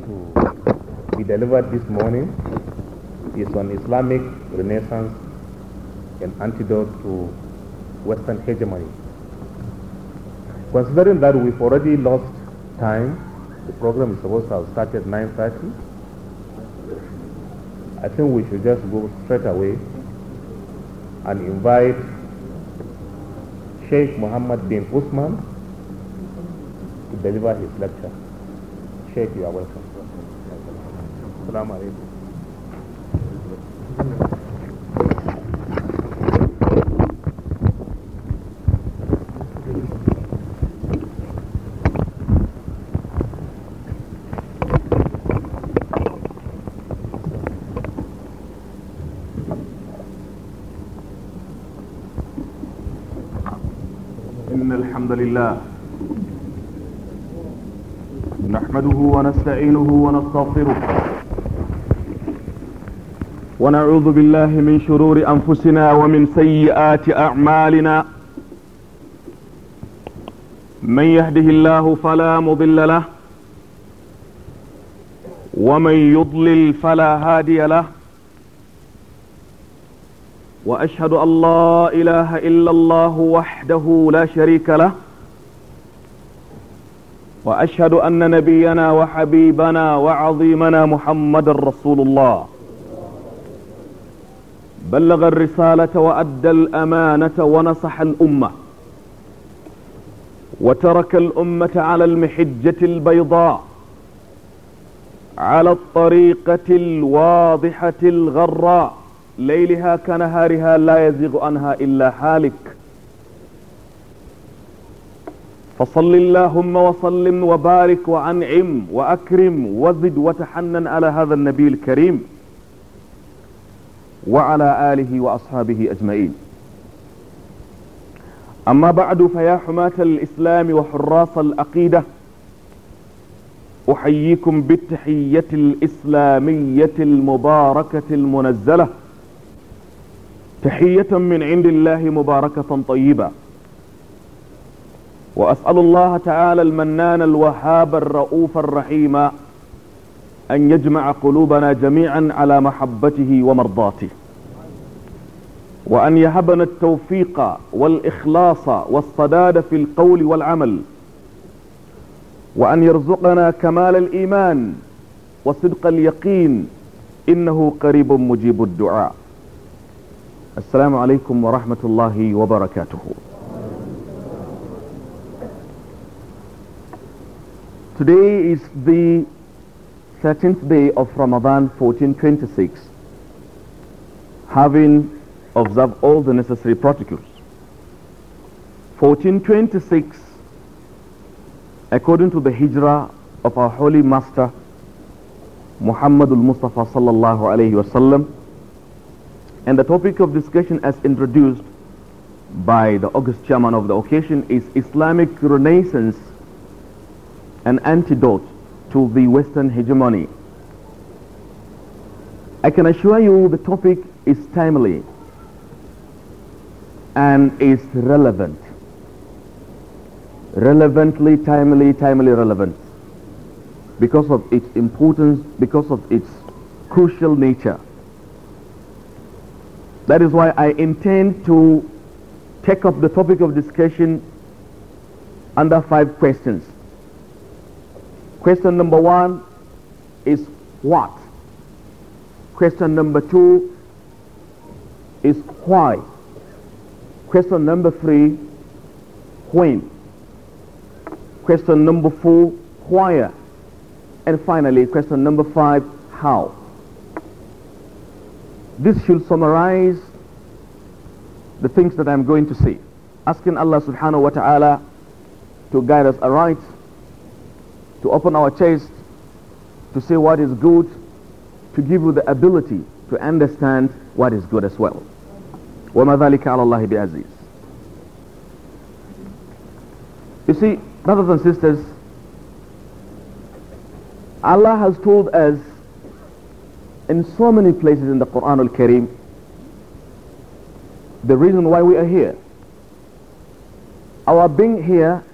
going to be delivered this morning is on Islamic Renaissance, an antidote to Western hegemony. Considering that we've already lost time, the program is supposed to have started 9.30. I think we should just go straight away and invite Sheikh Muhammad bin Usman to deliver his lecture. Sheikh, you are welcome. السلام عليكم إن الحمد لله نحمده ونستعينه ونستغفره ونعوذ بالله من شرور أنفسنا ومن سيئات أعمالنا من يهده الله فلا مضل له ومن يضلل فلا هادي له وأشهد أن لا إله إلا الله وحده لا شريك له وأشهد أن نبينا وحبيبنا وعظيمنا محمد رسول الله بلغ الرسالة وأدى الأمانة ونصح الأمة وترك الأمة على المحجة البيضاء على الطريقة الواضحة الغراء ليلها كنهارها لا يزيغ عنها إلا حالك فصل اللهم وصلم وبارك وأنعم وأكرم وزد وتحنن على هذا النبي الكريم وعلى آله وأصحابه أجمعين أما بعد فيا حماة الإسلام وحراس العقيدة أحييكم بالتحية الإسلامية المباركة المنزلة تحية من عند الله مباركة طيبة وأسأل الله تعالى المنان الوهاب الرؤوف الرحيم أن يجمع قلوبنا جميعا على محبته ومرضاته وأن يهبنا التوفيق والإخلاص والصداد في القول والعمل وأن يرزقنا كمال الإيمان وصدق اليقين إنه قريب مجيب الدعاء السلام عليكم ورحمة الله وبركاته Today is the 13th day of Ramadan 1426, having observed all the necessary protocols. 1426, according to the hijrah of our holy master, Muhammadul Mustafa sallallahu alayhi wasallam, and the topic of discussion as introduced by the august chairman of the occasion is Islamic Renaissance, an antidote to the Western hegemony. I can assure you the topic is timely and is relevant. Relevantly, timely, timely relevant because of its importance, because of its crucial nature. That is why I intend to take up the topic of discussion under five questions. Question number one is what? Question number two is why? Question number three, when? Question number four, where? And finally, question number five, how? This should summarize the things that I'm going to say. Asking Allah subhanahu wa ta'ala to guide us aright to open our chest, to say what is good, to give you the ability to understand what is good as well. وَمَا ذَلِكَ عَلَى اللَّهِ بِعَزِيزٍ You see, brothers and sisters, Allah has told us in so many places in the Quran al-Karim the reason why we are here. Our being here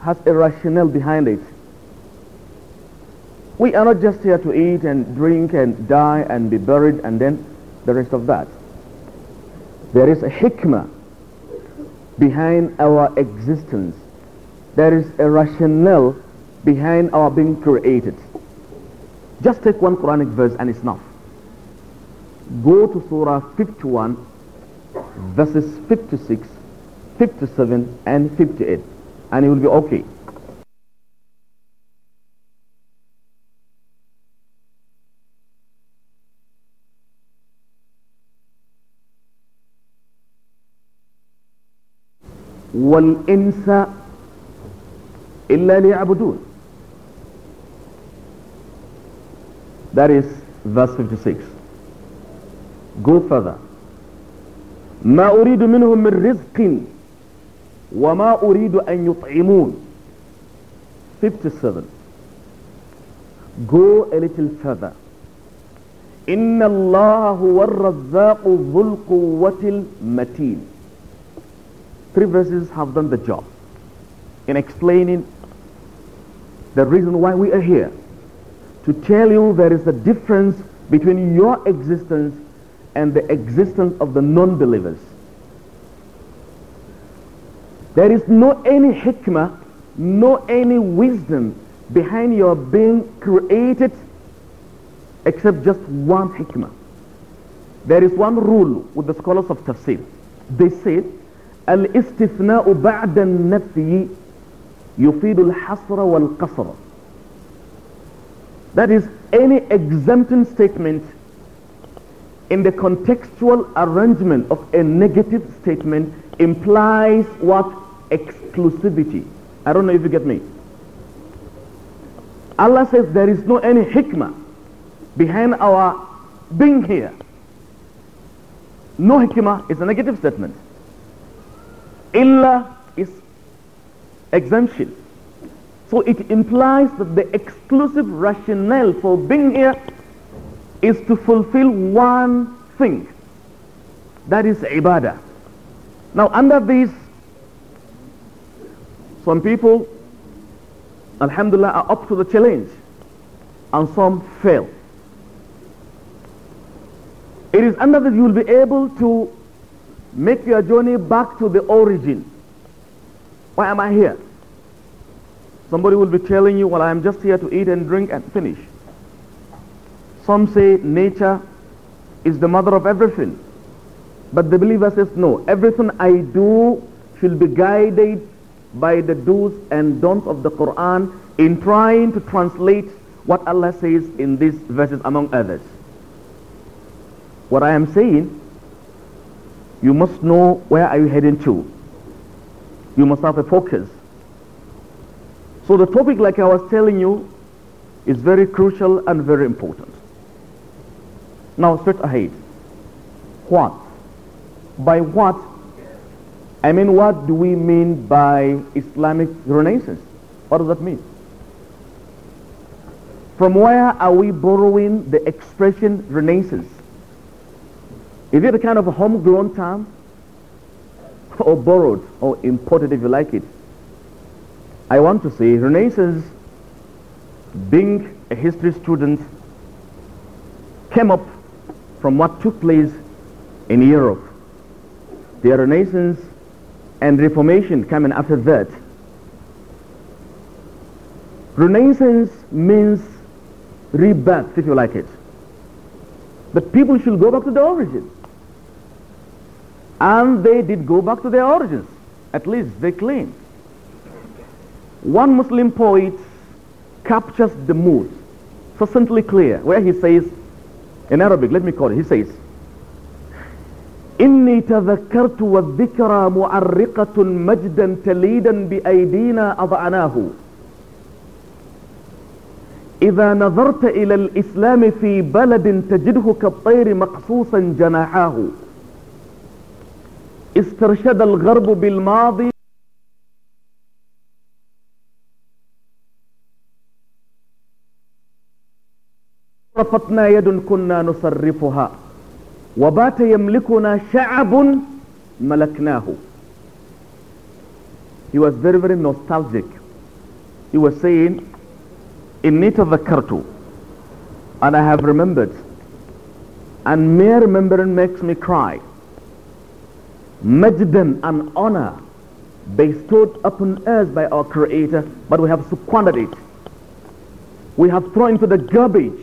has a rationale behind it. We are not just here to eat and drink and die and be buried and then the rest of that. There is a hikmah behind our existence. There is a rationale behind our being created. Just take one Quranic verse and it's enough. Go to Surah 51, verses 56, 57, and 58, and it will be okay. والإنس إلا ليعبدون That is verse 56. Go further. ما أريد منهم من رزق وما أريد أن يطعمون 57 Go a little further إن الله هو الرزاق ذو القوة المتين Three verses have done the job in explaining the reason why we are here. To tell you there is a difference between your existence and the existence of the non-believers. There is no any hikmah, no any wisdom behind your being created except just one hikmah. There is one rule with the scholars of tafsir. They said الاستثناء بعد النفي يفيد الحصر والقصر that is any exempting statement in the contextual arrangement of a negative statement implies what exclusivity I don't know if you get me Allah says there is no any hikmah behind our being here no hikmah is a negative statement Illa is exemption. So it implies that the exclusive rationale for being here is to fulfill one thing. That is ibadah. Now under this, some people, alhamdulillah, are up to the challenge and some fail. It is under this you will be able to Make your journey back to the origin. Why am I here? Somebody will be telling you, well, I'm just here to eat and drink and finish. Some say nature is the mother of everything. But the believer says, no, everything I do should be guided by the do's and don'ts of the Quran in trying to translate what Allah says in these verses among others. What I am saying you must know where are you heading to. You must have a focus. So the topic, like I was telling you, is very crucial and very important. Now, straight ahead. What? By what? I mean, what do we mean by Islamic Renaissance? What does that mean? From where are we borrowing the expression Renaissance? Is it a kind of a homegrown term? or borrowed or imported if you like it? I want to say Renaissance, being a history student, came up from what took place in Europe. The Renaissance and Reformation coming after that. Renaissance means rebirth, if you like it. But people should go back to the origin. And they did go back to their origins. At least they claim. One Muslim poet captures the mood succinctly clear where he says, in Arabic, let me call it, he says, إني تذكرت والذكرى معرقة مجدا تليدا بأيدينا أضعناه إذا نظرت إلى الإسلام في بلد تجده كالطير مقصوصا جناحاه استرشد الغرب بالماضي صرفتنا يد كنا نصرفها وبات يملكنا شعب ملكناه He was very very nostalgic He was saying إني تذكرت and I have remembered and mere remembering makes me cry majdan and honor bestowed upon us by our Creator, but we have squandered it. We have thrown into the garbage.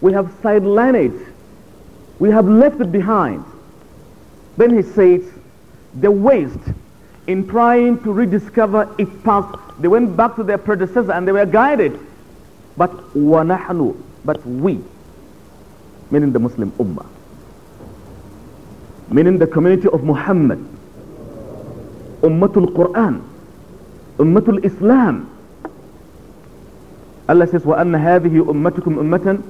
We have sidelined it. We have left it behind. Then he says, the waste in trying to rediscover its past, they went back to their predecessor and they were guided. But But we, meaning the Muslim Ummah, meaning the community of Muhammad, Ummatul Quran, Ummatul Islam. Allah says, وَأَنَّ هَذِهِ أُمَّتُكُمْ أُمَّةً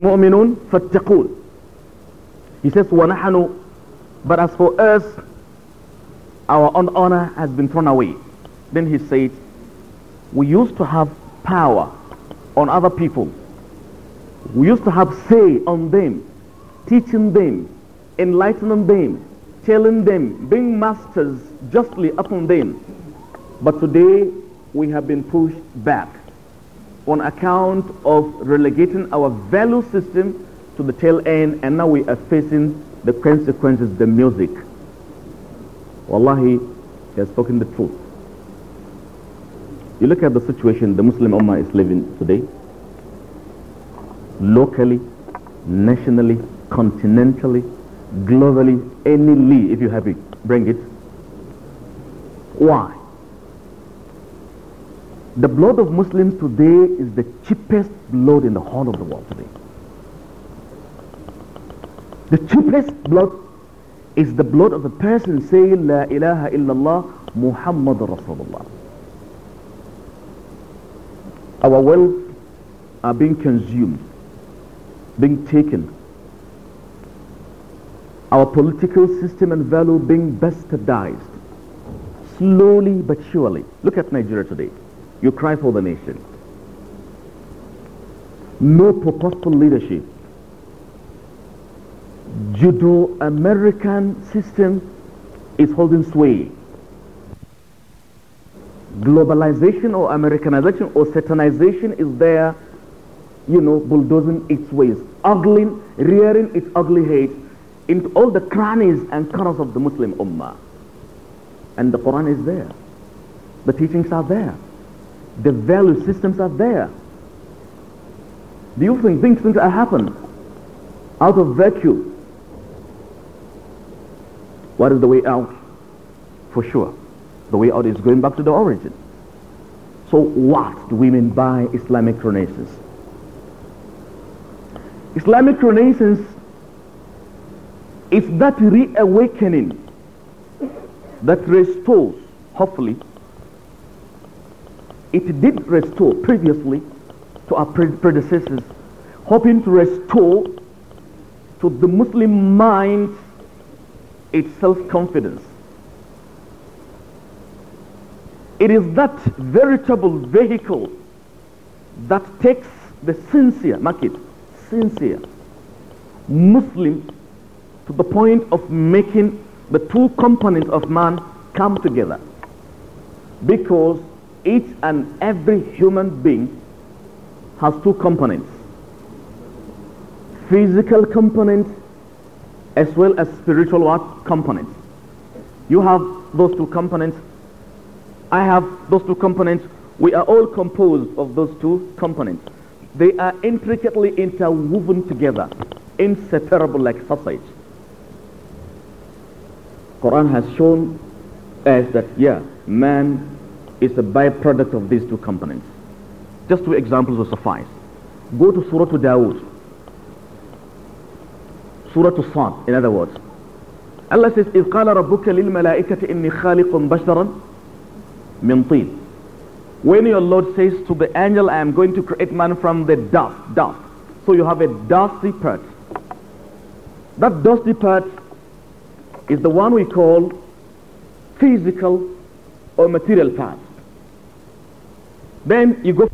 مؤمنون فاتقون He says, وَنَحَنُ But as for us, our own honor has been thrown away. Then he said, we used to have power on other people we used to have say on them, teaching them, enlightening them, telling them, being masters justly upon them. But today we have been pushed back on account of relegating our value system to the tail end and now we are facing the consequences, the music. Wallahi, he has spoken the truth. You look at the situation the Muslim Ummah is living today locally, nationally, continentally, globally, any Lee, if you have it, bring it. Why? The blood of Muslims today is the cheapest blood in the whole of the world today. The cheapest blood is the blood of a person saying La ilaha illallah Muhammad Rasulullah. Our wealth are being consumed being taken, our political system and value being bastardized, slowly but surely. Look at Nigeria today. You cry for the nation. No purposeful leadership. Judo-American system is holding sway. Globalization or Americanization or Satanization is there you know, bulldozing its ways, ogling, rearing its ugly head into all the crannies and corners of the Muslim Ummah. And the Quran is there. The teachings are there. The value systems are there. Do you think things are happening out of virtue? What is the way out? For sure. The way out is going back to the origin. So what do we mean by Islamic Renaissance? Islamic Renaissance is that reawakening that restores, hopefully, it did restore previously to our predecessors, hoping to restore to the Muslim mind its self-confidence. It is that veritable vehicle that takes the sincere market sincere Muslim, to the point of making the two components of man come together. Because each and every human being has two components physical component as well as spiritual what component you have those two components i have those two components we are all composed of those two components they are intricately interwoven together, inseparable like sausage. Quran has shown us that, yeah, man is a byproduct of these two components. Just two examples will suffice. Go to Surah to Dawood. Surah to Sad, in other words. Allah says, إِذْ قَالَ رَبُّكَ لِلْمَلَائِكَةِ إِنِّي خَالِقٌ بَشْرًا مِنْ طِينٍ when your Lord says to the angel, I am going to create man from the dust, dust. So you have a dusty part. That dusty part is the one we call physical or material part. Then you go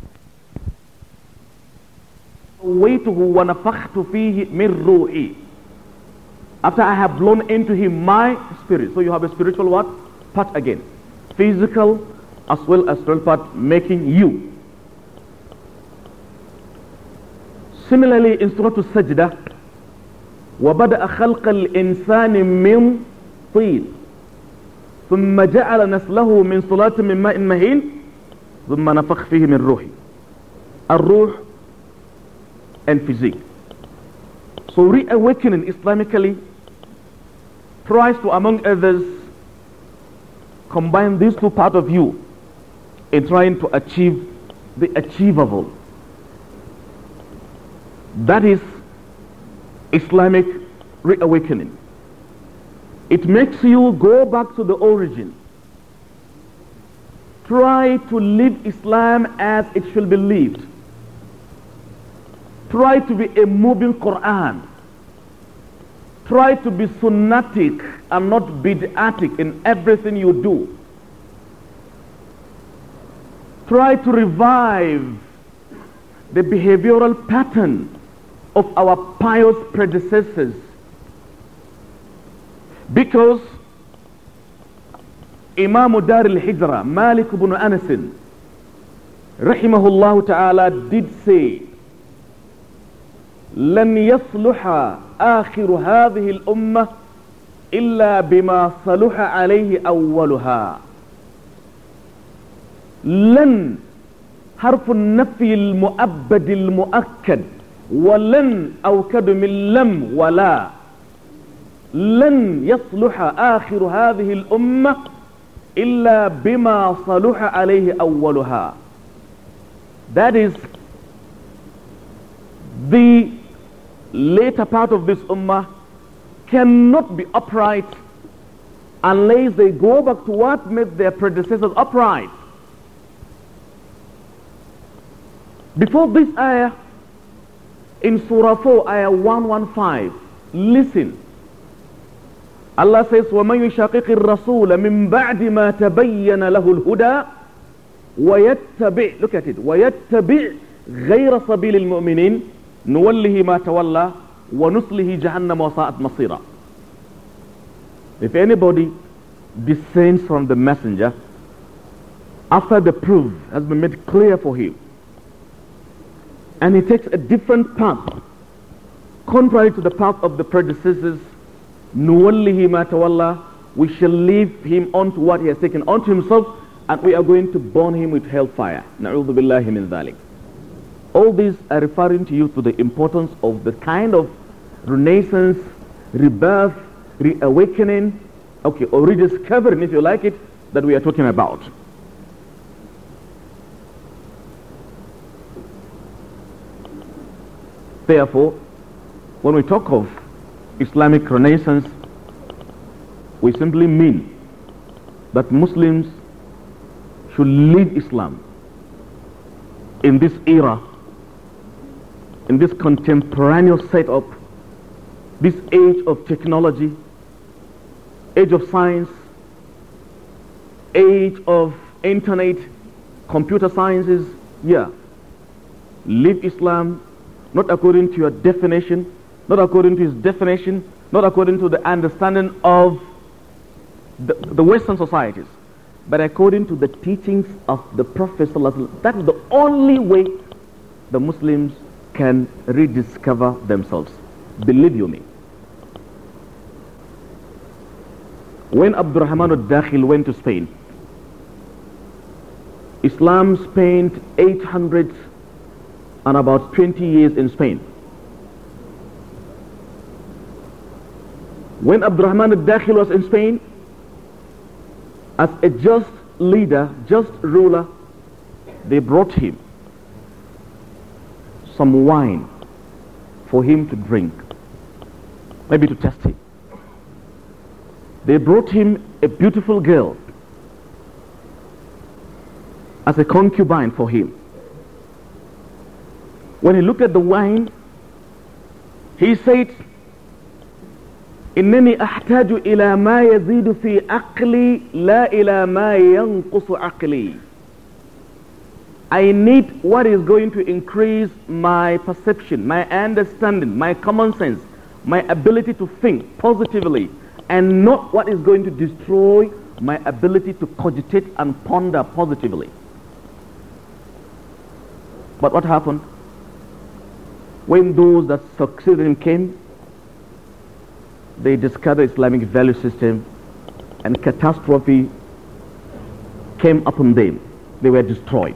وَيْتُهُ to فِيهِ مِنْ After I have blown into him my spirit. So you have a spiritual what? Part again. Physical as well as Relfat making you. Similarly, in Surah Al-Sajda, وَبَدَأَ خَلْقَ الْإِنسَانِ مِنْ طِيلٍ ثم جعل نسله من صلاة من ماء مهين ثم نفخ فيه من روحي الروح and physique. So reawakening Islamically tries to, among others, combine these two parts of you in trying to achieve the achievable. That is Islamic reawakening. It makes you go back to the origin. Try to live Islam as it should be lived. Try to be a moving Quran. Try to be sunnatic and not bid'atic in everything you do try to revive the behavioral pattern of our pious predecessors. Because Imam Dar al-Hijra, Malik ibn Anas, rahimahullah ta'ala, did say, لن يصلح آخر هذه الأمة إلا بما صلح عليه أولها لن حرف النفي المؤبد المؤكد ولن أوكد من لم ولا لن يصلح آخر هذه الأمة إلا بما صلح عليه أولها That is the later part of this ummah cannot be upright unless they go back to what made their predecessors upright. Before this ayah, in Surah 4, ayah 115, listen. Allah says, وَمَنْ يُشَاقِقِ الرَّسُولَ مِنْ بَعْدِ مَا تَبَيَّنَ لَهُ الْهُدَى وَيَتَّبِعْ Look at it. وَيَتَّبِعْ غَيْرَ سَبِيلِ الْمُؤْمِنِينَ نُوَلِّهِ مَا تَوَلَّى وَنُصْلِهِ جَهَنَّمَ وَسَاءَتْ مَصِيرًا If anybody descends from the messenger after the proof has been made clear for him, and he takes a different path contrary to the path of the predecessors نُوَلِّهِ We shall leave him onto what he has taken onto himself and we are going to burn him with hellfire. نَعُوذُ All these are referring to you to the importance of the kind of renaissance, rebirth, reawakening, okay, or rediscovering if you like it, that we are talking about. Therefore, when we talk of Islamic Renaissance, we simply mean that Muslims should lead Islam in this era, in this contemporaneous setup, this age of technology, age of science, age of internet, computer sciences, yeah. Leave Islam not according to your definition, not according to his definition, not according to the understanding of the, the Western societies, but according to the teachings of the Prophet. That is the only way the Muslims can rediscover themselves. Believe you me. When Abdurrahman al-Dakhil went to Spain, Islam spent 800 and about 20 years in Spain. When Abdurrahman al-Dakhil was in Spain, as a just leader, just ruler, they brought him some wine for him to drink, maybe to test him. They brought him a beautiful girl as a concubine for him when he looked at the wine, he said, إنني أحتاج إلى ما يزيد في عقلي لا إلى ما ينقص عقلي. I need what is going to increase my perception, my understanding, my common sense, my ability to think positively, and not what is going to destroy my ability to cogitate and ponder positively. But what happened? When those that succeeded him came, they discovered Islamic value system and catastrophe came upon them. They were destroyed.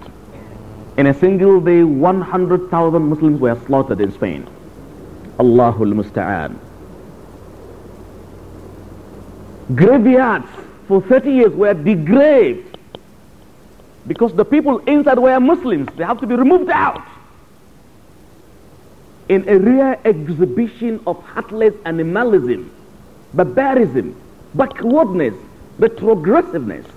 In a single day, 100,000 Muslims were slaughtered in Spain. Allahul Musta'an. Graveyards for 30 years were degraded because the people inside were Muslims. They have to be removed out in a rare exhibition of heartless animalism, barbarism, backwardness, retrogressiveness.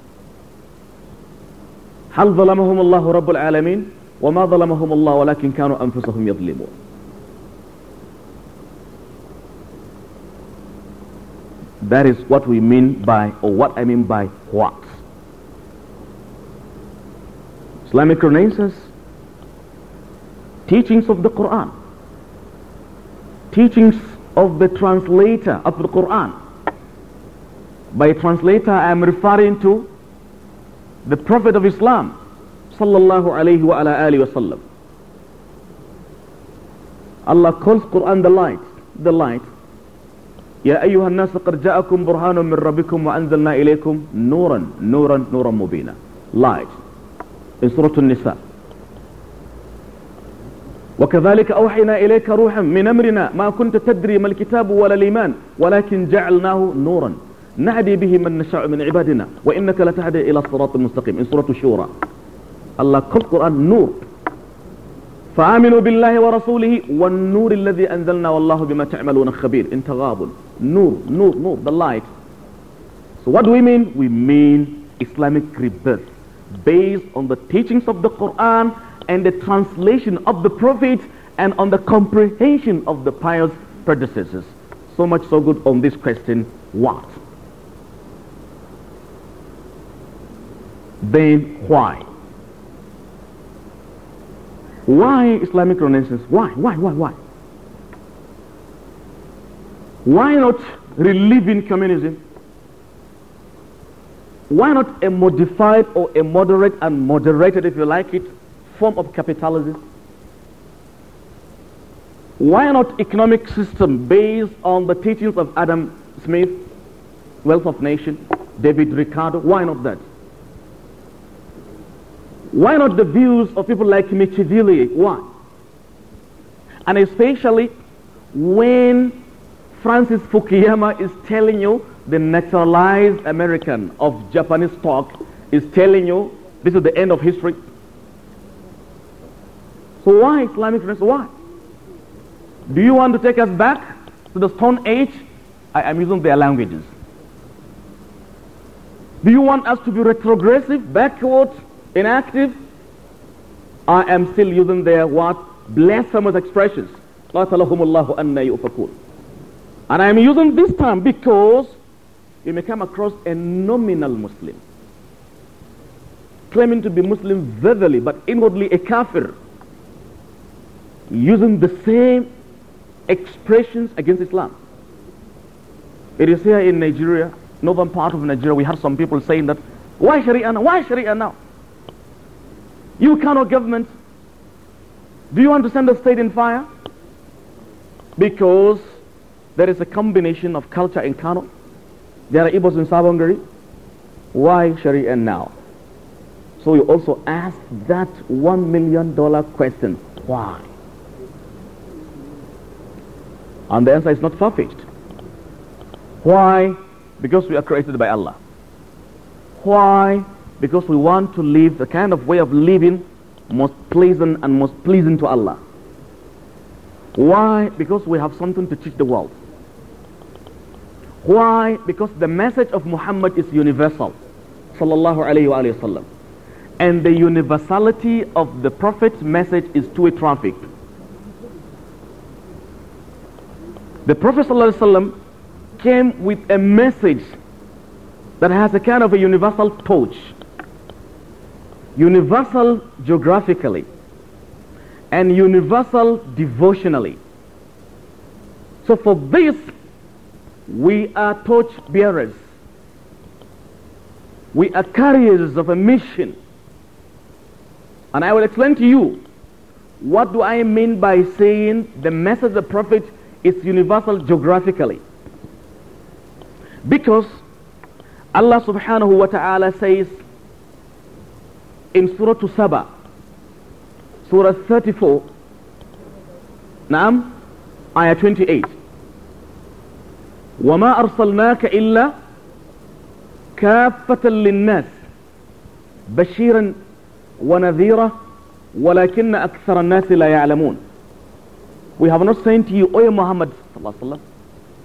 هل ظلمهم الله رب العالمين وما ظلمهم الله ولكن كانوا أنفسهم يظلمون That is what we mean by, or what I mean by what. Islamic Renaissance, teachings of the Quran, teachings of the translator of the Quran. By translator, I am referring to the Prophet of Islam, sallallahu alaihi wasallam. Allah calls Quran the light, the light. يا أيها الناس قد جاءكم برهان من ربكم وأنزلنا إليكم نورا نورا نورا مبينا light in Surah An-Nisa وكذلك أوحينا إليك روحا من أمرنا ما كنت تدري ما الكتاب ولا الإيمان ولكن جعلناه نورا نعدي به من نشاء من عبادنا وإنك لتهدي إلى الصراط المستقيم إن سورة الشورى الله كل قرآن نور فآمنوا بالله ورسوله والنور الذي أنزلنا والله بما تعملون خبير انت تغابل نور نور نور the light so what do we mean we mean Islamic rebirth based on the teachings of the Quran and the translation of the prophets and on the comprehension of the pious predecessors. So much so good on this question, what? Then why? Why Islamic Renaissance? Why? Why? Why? Why? Why not relieving communism? Why not a modified or a moderate and moderated, if you like it, form of capitalism? Why not economic system based on the teachings of Adam Smith, Wealth of Nation, David Ricardo? Why not that? Why not the views of people like Michivili? Why? And especially when Francis Fukuyama is telling you the naturalized American of Japanese stock is telling you this is the end of history. So why, Islamic friends, why? Do you want to take us back to the Stone Age? I am using their languages. Do you want us to be retrogressive, backward, inactive? I am still using their what? Blasphemous expressions. And I am using this term because you may come across a nominal Muslim claiming to be Muslim verbally but inwardly a kafir using the same expressions against Islam. It is here in Nigeria, northern part of Nigeria, we have some people saying that, why Sharia now? Why Sharia now? You cannot government, do you want to send the state in fire? Because there is a combination of culture in Kano. There are Ibos in Sabongari. Why Sharia now? So you also ask that one million dollar question. Why? And the answer is not far-fetched. Why? Because we are created by Allah. Why? Because we want to live the kind of way of living most pleasant and most pleasing to Allah. Why? Because we have something to teach the world. Why? Because the message of Muhammad is universal. Sallallahu alayhi wa, alayhi And the universality of the Prophet's message is two-way traffic. the Prophet ﷺ came with a message that has a kind of a universal torch, universal geographically, and universal devotionally. So for this, we are torch bearers. We are carriers of a mission. And I will explain to you what do I mean by saying the message of the prophet is universal geographically. Because Allah subhanahu wa ta'ala says in Surah Saba, Surah 34, Naam, Ayah 28. وما أرسلناك إلا كافة للناس بشيرا ونذيرا ولكن أكثر الناس لا يعلمون We have not sent you, O oh, Muhammad,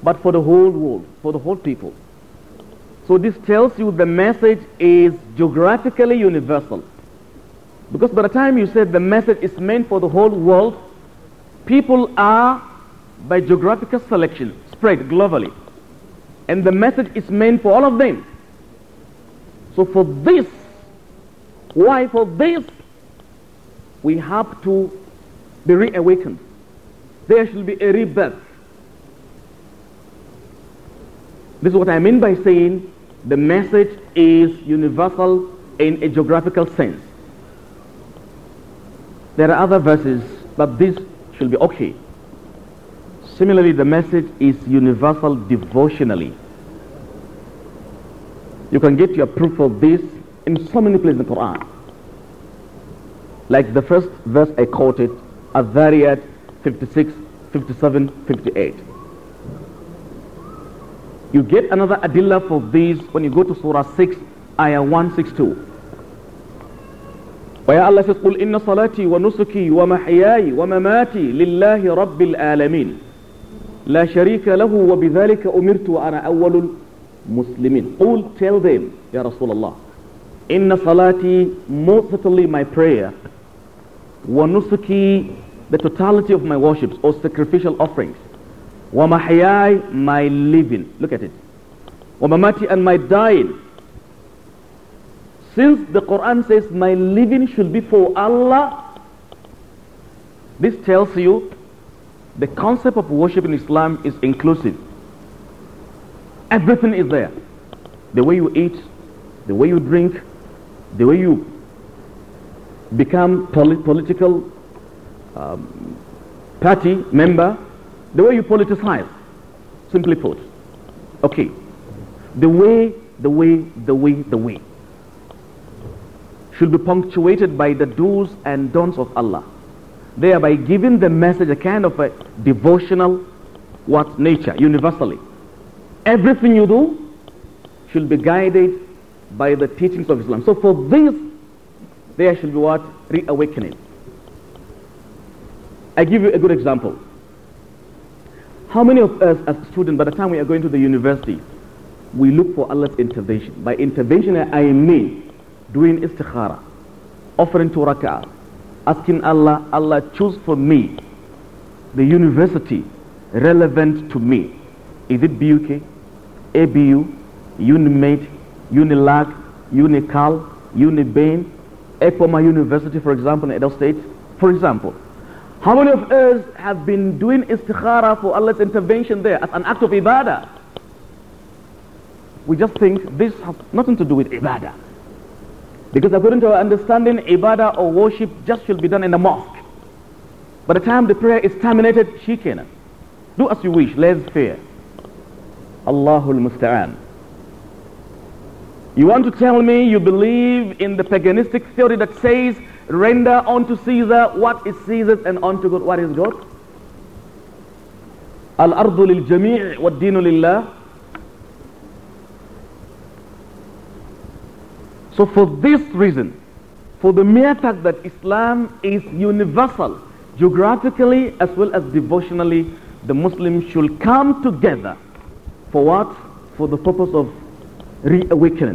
but for the whole world, for the whole people. So this tells you the message is geographically universal. Because by the time you said the message is meant for the whole world, people are, by geographical selection, spread globally. And the message is meant for all of them. So for this, why for this, we have to be reawakened there shall be a rebirth. This is what I mean by saying the message is universal in a geographical sense. There are other verses, but this should be okay. Similarly, the message is universal devotionally. You can get your proof of this in so many places in the Quran. Like the first verse I quoted, a Adhariyat 56, 57, 58. You get another adilla for these when you go to Surah 6, Ayah 162. Where Allah says, قُلْ إِنَّ صَلَاتِي وَنُسُكِي وَمَحْيَاي وَمَمَاتِي لِلَّهِ رَبِّ الْآلَمِينَ لا شريك له وبذلك أمرت وأنا أول المسلمين قل tell them يا رسول الله إن صلاتي most certainly my prayer ونسكي the totality of my worships or sacrificial offerings. وَمَحْيَاي My living. Look at it. وَمَمَاتِي And my dying. Since the Quran says my living should be for Allah, this tells you the concept of worship in Islam is inclusive. Everything is there. The way you eat, the way you drink, the way you become political, um, party member, the way you politicize, simply put. Okay. The way, the way, the way, the way should be punctuated by the do's and don'ts of Allah, thereby giving the message a kind of a devotional what nature universally. Everything you do should be guided by the teachings of Islam. So for this, there should be what? Reawakening. I give you a good example. How many of us as students, by the time we are going to the university, we look for Allah's intervention? By intervention, I mean doing istikhara, offering to asking Allah, Allah choose for me the university relevant to me. Is it BUK, ABU, Unimate, UNILAG, UNICAL, UNIBAIN, EPOMA University, for example, in Edo State, for example? How many of us have been doing istikhara for Allah's intervention there as an act of ibadah? We just think this has nothing to do with ibadah. Because according to our understanding, ibadah or worship just should be done in the mosque. By the time the prayer is terminated, shikana. Do as you wish, let's fear. Allahul Musta'an. You want to tell me you believe in the paganistic theory that says Render unto Caesar what is Caesar's and unto God what is God. الأرض للجميع والدين لله So for this reason, for the mere fact that Islam is universal, geographically as well as devotionally, the Muslims should come together for what? For the purpose of reawakening.